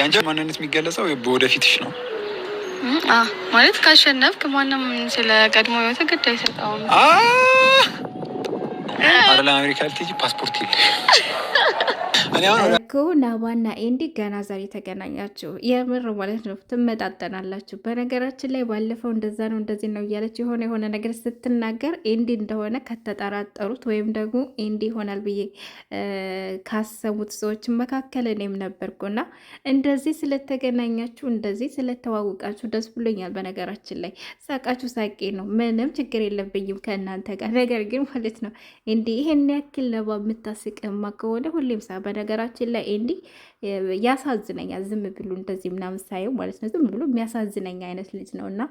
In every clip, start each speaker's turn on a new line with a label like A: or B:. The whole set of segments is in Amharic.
A: የአንቺ ማንነት የሚገለጸው በወደፊትሽ ነው
B: ማለት ካሸነፍክ ማንም ስለ ቀድሞ ህይወት ግድ አይሰጠውም።
A: አይደለም አሜሪካ ልትሄጂ ፓስፖርት የለሽ።
B: ናባና ኤንዲ ገና ዛሬ ተገናኛችሁ፣ የምር ማለት ነው ትመጣጠናላችሁ። በነገራችን ላይ ባለፈው እንደዛ ነው እንደዚህ ነው እያለች የሆነ የሆነ ነገር ስትናገር ኤንዲ እንደሆነ ከተጠራጠሩት ወይም ደግሞ ኤንዲ ይሆናል ብዬ ካሰሙት ሰዎች መካከል እኔም ነበርኩና እንደዚህ ስለተገናኛችሁ እንደዚህ ስለተዋወቃችሁ ደስ ብሎኛል። በነገራችን ላይ ሳቃችሁ ሳቄ ነው፣ ምንም ችግር የለብኝም ከእናንተ ጋር። ነገር ግን ማለት ነው እንዲ ይሄን ያክል ለባ የምታስቀማ ከሆነ ሁሌም ሳ በነገራችን ላይ እንዲ ያሳዝነኛ ዝም ብሎ እንደዚህ ምናምን ሳየው ማለት ነው ዝም ብሎ የሚያሳዝነኛ አይነት ልጅ ነው እና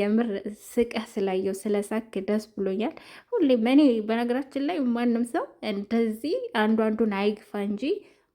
B: የምር ስቀህ ስላየው ስለሳክ ደስ ብሎኛል። ሁሌም እኔ በነገራችን ላይ ማንም ሰው እንደዚህ አንዱ አንዱን አይግፋ እንጂ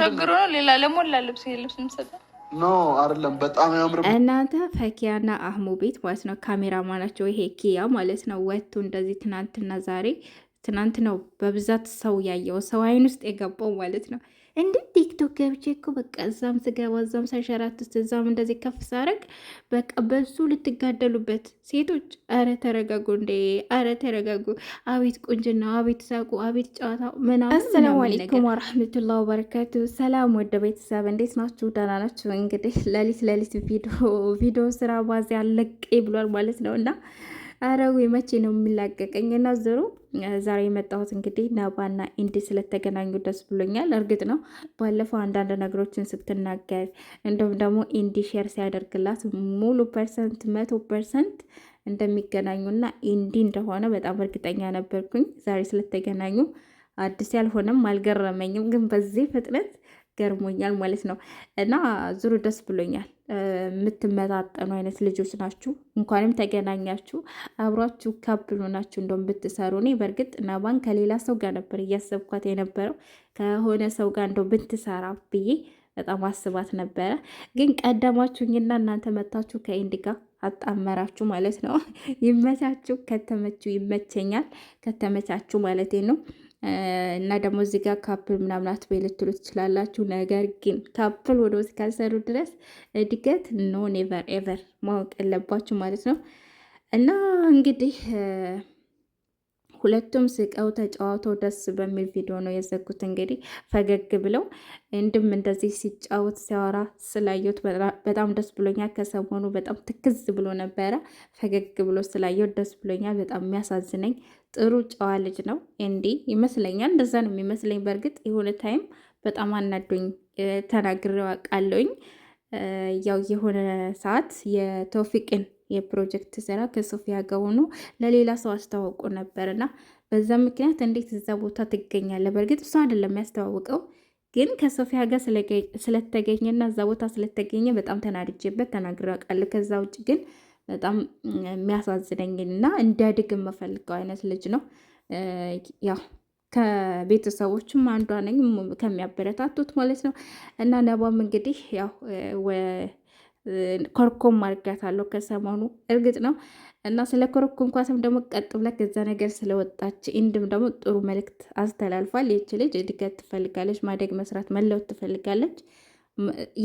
B: ቸግሮ ነው ሌላ ለሞላ ልብስ ልብስ የምሰጠው
A: ኖ አይደለም። በጣም ያምር
B: እናንተ ፈኪያና አህሙ ቤት ማለት ነው። ካሜራማናቸው ይሄ ኪያ ማለት ነው። ወጥቶ እንደዚህ ትናንትና ዛሬ ትናንት ነው በብዛት ሰው ያየው ሰው አይን ውስጥ የገባው ማለት ነው። እንዴት ቲክቶክ ገብቼ እኮ በቃ እዛም ስገባ እዛም ሰንሸራት ውስጥ እዛም እንደዚህ ከፍ ሳረግ በቃ በሱ ልትጋደሉበት ሴቶች፣ አረ ተረጋጉ እንዴ! አረ ተረጋጉ። አቤት ቁንጅና፣ አቤት ሳቁ፣ አቤት ጨዋታ ምናምን። አሰላሙ አለይኩም ወራህመቱላሂ ወበረካቱ። ሰላም ወደ ቤተሰብ እንዴት ናችሁ? ደህና ናችሁ? እንግዲህ ለሊት ለሊት ቪዲዮ ቪዲዮ ስራ ባዚያ አለቅ ብሏል ማለት ነው እና አረዊ መቼ ነው የሚላቀቀኝ? እና ዞሮ ዛሬ የመጣሁት እንግዲህ ናባና ኢንዲ ስለተገናኙ ደስ ብሎኛል። እርግጥ ነው ባለፈው አንዳንድ ነገሮችን ስትናገር እንዲሁም ደግሞ ኢንዲ ሼር ሲያደርግላት ሙሉ ፐርሰንት መቶ ፐርሰንት እንደሚገናኙና ኢንዲ እንደሆነ በጣም እርግጠኛ ነበርኩኝ። ዛሬ ስለተገናኙ አዲስ ያልሆነም አልገረመኝም። ግን በዚህ ፍጥነት ገርሞኛል ማለት ነው። እና ዙሩ ደስ ብሎኛል። የምትመጣጠኑ አይነት ልጆች ናችሁ። እንኳንም ተገናኛችሁ። አብሯችሁ ካብሉ ናችሁ እንደም ብትሰሩ። እኔ በእርግጥ ነባን ከሌላ ሰው ጋር ነበር እያሰብኳት የነበረው ከሆነ ሰው ጋር እንደ ብትሰራ ብዬ በጣም አስባት ነበረ። ግን ቀደማችሁኝና እናንተ መታችሁ ከኢንድ ጋር አጣመራችሁ ማለት ነው። ይመቻችሁ። ከተመቹ ይመቸኛል፣ ከተመቻችሁ ማለት ነው። እና ደግሞ እዚህ ጋር ካፕል ምናምን አትበይ ልትሉ ትችላላችሁ። ነገር ግን ካፕል ወደ ውስጥ ካልሰሩ ድረስ እድገት ኖ ኔቨር ኤቨር ማወቅ ያለባችሁ ማለት ነው እና እንግዲህ ሁለቱም ስቀው ተጫዋተው ደስ በሚል ቪዲዮ ነው የዘጉት። እንግዲህ ፈገግ ብለው እንድም እንደዚህ ሲጫወት ሲያወራ ስላየሁት በጣም ደስ ብሎኛል። ከሰሞኑ በጣም ትክዝ ብሎ ነበረ። ፈገግ ብሎ ስላየሁት ደስ ብሎኛል። በጣም የሚያሳዝነኝ ጥሩ ጨዋ ልጅ ነው እንዲህ ይመስለኛል። እንደዛ ነው የሚመስለኝ። በእርግጥ የሆነ ታይም በጣም አናዶኝ ተናግሬ አውቃለሁኝ። ያው የሆነ ሰዓት የተውፊቅን የፕሮጀክት ስራ ከሶፊያ ጋር ሆኖ ለሌላ ሰው አስተዋውቆ ነበርና በዛ ምክንያት እንዴት እዛ ቦታ ትገኛለ? በእርግጥ እሱ አይደለም ያስተዋውቀው፣ ግን ከሶፊያ ጋር ስለተገኘና እዛ ቦታ ስለተገኘ በጣም ተናድጄበት ተናግሬ አውቃለሁ። ከዛ ውጭ ግን በጣም የሚያሳዝነኝና እንዲያድግ የምፈልገው አይነት ልጅ ነው። ያው ከቤተሰቦችም አንዷ ነኝ ከሚያበረታቱት ማለት ነው። እና ነባም እንግዲህ ያው ኮርኮም አድርጋታለሁ ከሰሞኑ እርግጥ ነው እና ስለ ኮርኮም ኳስም ደግሞ ቀጥ ብላ ከዛ ነገር ስለወጣች እንድም ደግሞ ጥሩ መልእክት አስተላልፏል። ይች ልጅ እድገት ትፈልጋለች፣ ማደግ፣ መስራት፣ መለወጥ ትፈልጋለች።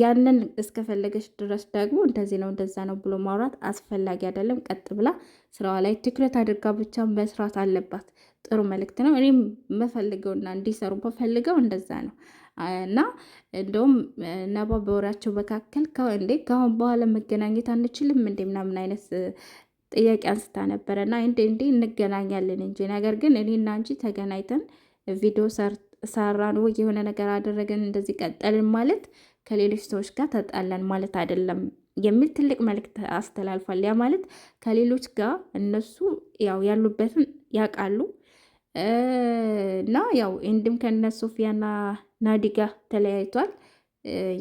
B: ያንን እስከፈለገች ድረስ ደግሞ እንደዚህ ነው እንደዛ ነው ብሎ ማውራት አስፈላጊ አይደለም። ቀጥ ብላ ስራዋ ላይ ትኩረት አድርጋ ብቻ መስራት አለባት። ጥሩ መልእክት ነው። እኔም መፈልገውና እንዲሰሩ በፈልገው እንደዛ ነው። እና እንደውም ነባ በወሬያቸው መካከል እንዴ ከአሁን በኋላ መገናኘት አንችልም እንዴ ምናምን አይነት ጥያቄ አንስታ ነበረ እና እንዴ እንዴ እንገናኛለን እንጂ ነገር ግን እኔና እንጂ ተገናኝተን ቪዲዮ ሰራን ወይ የሆነ ነገር አደረገን እንደዚህ ቀጠልን ማለት ከሌሎች ሰዎች ጋር ተጣላን ማለት አይደለም የሚል ትልቅ መልእክት አስተላልፏል። ያ ማለት ከሌሎች ጋር እነሱ ያው ያሉበትን ያውቃሉ እና ያው እንድም ከነ ሶፊያና ናዲጋ ተለያይቷል።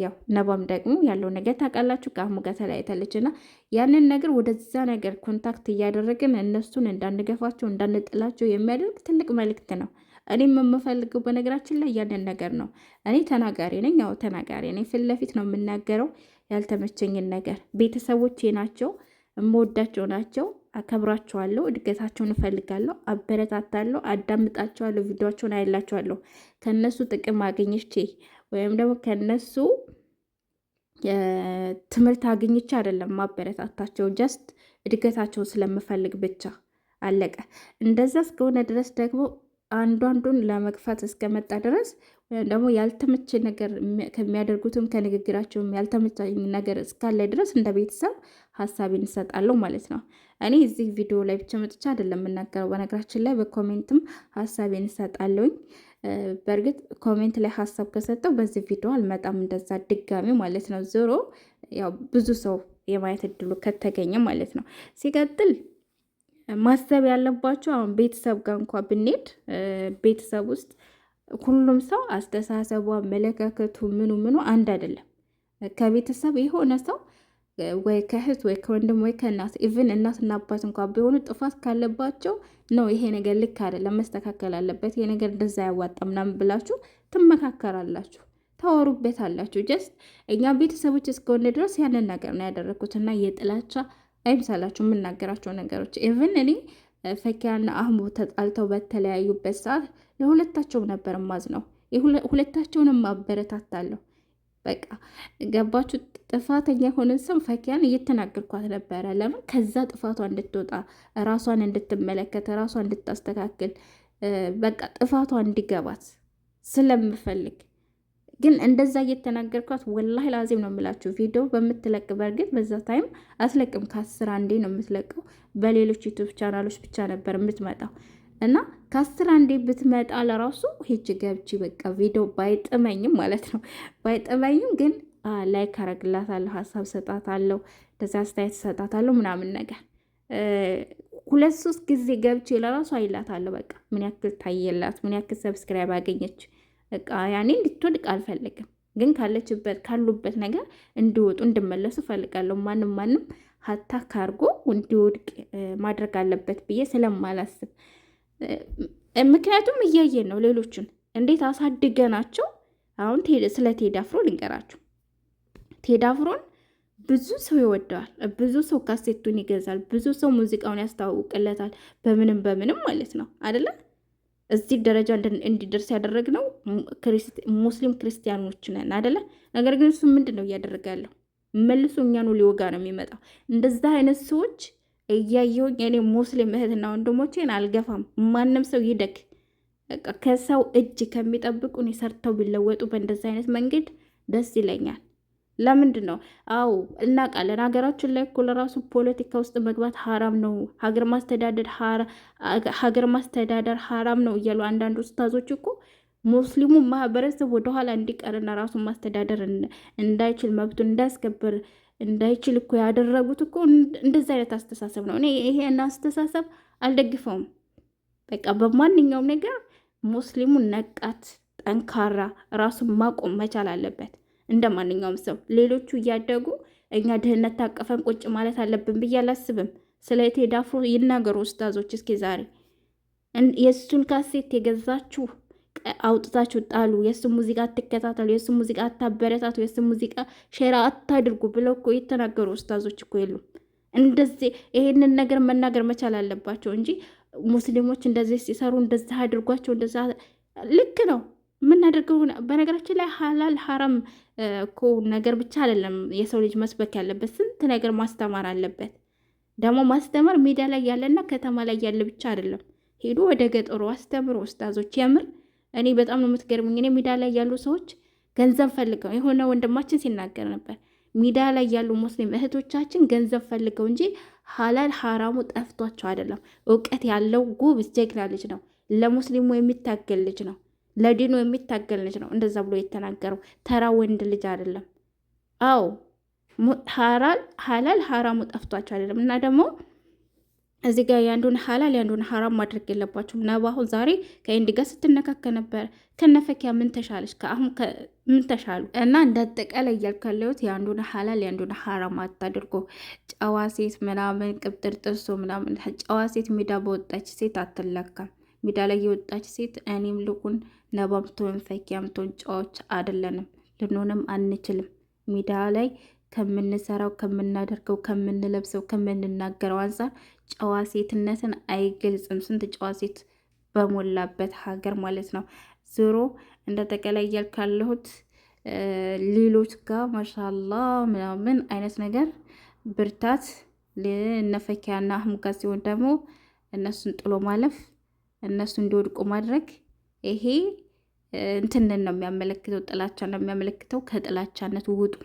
B: ያው ነባም ደግሞ ያለው ነገር ታውቃላችሁ፣ ከአህሙ ጋር ተለያይታለች እና ያንን ነገር ወደዛ ነገር ኮንታክት እያደረግን እነሱን እንዳንገፋቸው እንዳንጥላቸው የሚያደርግ ትልቅ መልእክት ነው። እኔም የምፈልገው በነገራችን ላይ ያንን ነገር ነው። እኔ ተናጋሪ ነኝ፣ ያው ተናጋሪ ነኝ። ፊት ለፊት ነው የምናገረው ያልተመቸኝን ነገር። ቤተሰቦቼ ናቸው፣ የምወዳቸው ናቸው። አከብራቸዋለሁ፣ እድገታቸውን እፈልጋለሁ፣ አበረታታለሁ፣ አዳምጣቸዋለሁ፣ ቪዲዮቸውን አያላቸዋለሁ። ከነሱ ጥቅም አገኝቼ ወይም ደግሞ ከነሱ ትምህርት አግኝቼ አይደለም ማበረታታቸው፣ ጀስት እድገታቸውን ስለምፈልግ ብቻ አለቀ። እንደዛ እስከሆነ ድረስ ደግሞ አንዱ አንዱን ለመግፋት እስከመጣ ድረስ ወይም ደግሞ ያልተመቸ ነገር ከሚያደርጉትም ከንግግራቸውም ያልተመቻኝ ነገር እስካለ ድረስ እንደ ቤተሰብ ሀሳብ እንሰጣለሁ ማለት ነው። እኔ እዚህ ቪዲዮ ላይ ብቻ መጥቻ አይደለም የምናገረው። በነገራችን ላይ በኮሜንትም ሀሳብ እንሰጣለሁኝ። በእርግጥ ኮሜንት ላይ ሀሳብ ከሰጠው በዚህ ቪዲዮ አልመጣም እንደዛ ድጋሚ ማለት ነው። ዞሮ ያው ብዙ ሰው የማየት እድሉ ከተገኘ ማለት ነው። ሲቀጥል ማሰብ ያለባቸው አሁን ቤተሰብ ጋር እንኳ ብንሄድ ቤተሰብ ውስጥ ሁሉም ሰው አስተሳሰቡ፣ አመለካከቱ፣ ምኑ ምኑ አንድ አይደለም። ከቤተሰብ የሆነ ሰው ወይ ከእህት ወይ ከወንድም ወይ ከእናት ኢቭን እናትና አባት እንኳ ቢሆኑ ጥፋት ካለባቸው ነው ይሄ ነገር ልክ አይደለም፣ መስተካከል አለበት፣ ይሄ ነገር እንደዛ ያዋጣ ምናምን ብላችሁ ትመካከራላችሁ፣ ታወሩበት አላችሁ። ጀስት እኛ ቤተሰቦች እስከሆነ ድረስ ያንን ነገር ነው ያደረግኩት እና የጥላቻ አይምሳላችሁ የምናገራቸው ነገሮች ኢቭን እኔ ፈኪያና አህሙ ተጣልተው በተለያዩበት ሰዓት ለሁለታቸውም ነበር ማዝ ነው። ሁለታቸውንም ማበረታታለሁ። በቃ ገባችሁ? ጥፋተኛ የሆነን ሰው ፈኪያን እየተናገርኳት ነበረ። ለምን ከዛ ጥፋቷ እንድትወጣ ራሷን እንድትመለከት ራሷን እንድታስተካክል በቃ ጥፋቷ እንዲገባት ስለምፈልግ ግን እንደዛ እየተናገርኳት ወላሂ ላዚም ነው የምላችሁ። ቪዲዮ በምትለቅ በእርግጥ በዛ ታይም አትለቅም፣ ከአስር አንዴ ነው የምትለቀው። በሌሎች ዩቱብ ቻናሎች ብቻ ነበር የምትመጣው እና ከአስር አንዴ ብትመጣ ለራሱ ሄጅ ገብቼ በቃ ቪዲዮ ባይጥመኝም ማለት ነው ባይጥመኝም ግን ላይክ አረግላታለሁ፣ ሀሳብ ሰጣታለሁ፣ እንደዚህ አስተያየት ሰጣታለሁ ምናምን ነገር ሁለት ሶስት ጊዜ ገብቼ ለራሱ አይላታለሁ። በቃ ምን ያክል ታየላት፣ ምን ያክል ሰብስክራይብ አገኘች። በቃ ያኔ እንድትወድቅ አልፈልግም፣ ግን ካለችበት ካሉበት ነገር እንዲወጡ እንድመለሱ እፈልጋለሁ። ማንም ማንም ሀታ ካርጎ እንዲወድቅ ማድረግ አለበት ብዬ ስለማላስብ ምክንያቱም እያየን ነው ሌሎችን እንዴት አሳድገናቸው። አሁን ስለ ቴዲ አፍሮ ልንገራችሁ። ቴዲ አፍሮን ብዙ ሰው ይወደዋል። ብዙ ሰው ካሴቱን ይገዛል። ብዙ ሰው ሙዚቃውን ያስተዋውቅለታል። በምንም በምንም ማለት ነው አደለ? እዚህ ደረጃ እንዲደርስ ያደረግነው ሙስሊም ክርስቲያኖች ነን አደለ? ነገር ግን እሱ ምንድን ነው እያደረገ ያለው? መልሶ እኛኑ ሊወጋ ነው የሚመጣው። እንደዛ አይነት ሰዎች እያየውኝ እኔ ሙስሊም እህትና ወንድሞቼን አልገፋም። ማንም ሰው ይደግ ከሰው እጅ ከሚጠብቁን ሰርተው ቢለወጡ በእንደዚ አይነት መንገድ ደስ ይለኛል። ለምንድን ነው? አዎ እናውቃለን። ሀገራችን ላይ እኮ ለራሱ ፖለቲካ ውስጥ መግባት ሀራም ነው፣ ሀገር ማስተዳደር ሀገር ማስተዳደር ሀራም ነው እያሉ አንዳንድ ኡስታዞች እኮ ሙስሊሙ ማህበረሰብ ወደኋላ እንዲቀርና ራሱን ማስተዳደር እንዳይችል መብቱን እንዳያስከብር እንዳይችል እኮ ያደረጉት እኮ እንደዚ አይነት አስተሳሰብ ነው። እኔ ይሄን አስተሳሰብ አልደግፈውም። በቃ በማንኛውም ነገር ሙስሊሙ ነቃት፣ ጠንካራ፣ ራሱን ማቆም መቻል አለበት እንደ ማንኛውም ሰው። ሌሎቹ እያደጉ እኛ ድህነት ታቀፈን ቁጭ ማለት አለብን ብዬ አላስብም። ስለ ቴዲ አፍሮ ይናገሩ ኡስታዞች እስኪ ዛሬ የእሱን ካሴት የገዛችሁ አውጥታችሁ ጣሉ፣ የእሱ ሙዚቃ አትከታተሉ፣ የእሱ ሙዚቃ አታበረታቱ፣ የእሱ ሙዚቃ ሼራ አታድርጉ ብለው እኮ የተናገሩ ኡስታዞች እኮ የሉም። እንደዚህ ይሄንን ነገር መናገር መቻል አለባቸው እንጂ ሙስሊሞች እንደዚህ ሲሰሩ እንደዚህ አድርጓቸው እንደዛ ልክ ነው የምናደርገው። በነገራችን ላይ ሀላል ሀራም እኮ ነገር ብቻ አይደለም የሰው ልጅ መስበክ ያለበት፣ ስንት ነገር ማስተማር አለበት። ደግሞ ማስተማር ሜዳ ላይ ያለና ከተማ ላይ ያለ ብቻ አይደለም። ሄዱ ወደ ገጠሩ አስተምሮ ኡስታዞች የምር እኔ በጣም ነው የምትገርምኝ። እኔ ሜዳ ላይ ያሉ ሰዎች ገንዘብ ፈልገው የሆነ ወንድማችን ሲናገር ነበር። ሜዳ ላይ ያሉ ሙስሊም እህቶቻችን ገንዘብ ፈልገው እንጂ ሀላል ሀራሙ ጠፍቷቸው አይደለም። እውቀት ያለው ጎበዝ ጀግና ልጅ ነው። ለሙስሊሙ የሚታገል ልጅ ነው። ለዲኑ የሚታገል ልጅ ነው። እንደዛ ብሎ የተናገረው ተራ ወንድ ልጅ አይደለም። አዎ ሀላል ሀራሙ ጠፍቷቸው አይደለም እና ደግሞ እዚህ ጋር የአንዱን ሀላል የአንዱን ሀራም ማድረግ የለባቸውም። ነባ አሁን ዛሬ ከኢንድ ጋር ስትነካከ ነበር። ከነፈኪያ ምን ተሻለች? ከአሁን ምን ተሻሉ? እና እንደ አጠቃላይ እያልካለሁት የአንዱን ሀላል የአንዱን ሀራም አታድርጎ። ጨዋ ሴት ምናምን ቅብጥር ጥርሶ ምናምን ጨዋ ሴት ሜዳ በወጣች ሴት አትለካም። ሜዳ ላይ የወጣች ሴት እኔም ልቁን ነባምቶን ፈኪያምቶን ፈኪያም ትሆን ጨዋዎች አይደለንም፣ ልንሆንም አንችልም ሜዳ ላይ ከምንሰራው፣ ከምናደርገው፣ ከምንለብሰው፣ ከምንናገረው አንጻር ጨዋ ሴትነትን አይገልጽም። ስንት ጨዋ ሴት በሞላበት ሀገር ማለት ነው። ዞሮ እንደጠቀላይ እያልኩ ያለሁት ሌሎች ጋር ማሻላ ምናምን አይነት ነገር ብርታት ነፈኪያና አህሙጋ ሲሆን ደግሞ እነሱን ጥሎ ማለፍ እነሱ እንዲወድቁ ማድረግ ይሄ እንትንን ነው የሚያመለክተው፣ ጥላቻ ነው የሚያመለክተው። ከጥላቻነት ውጡ።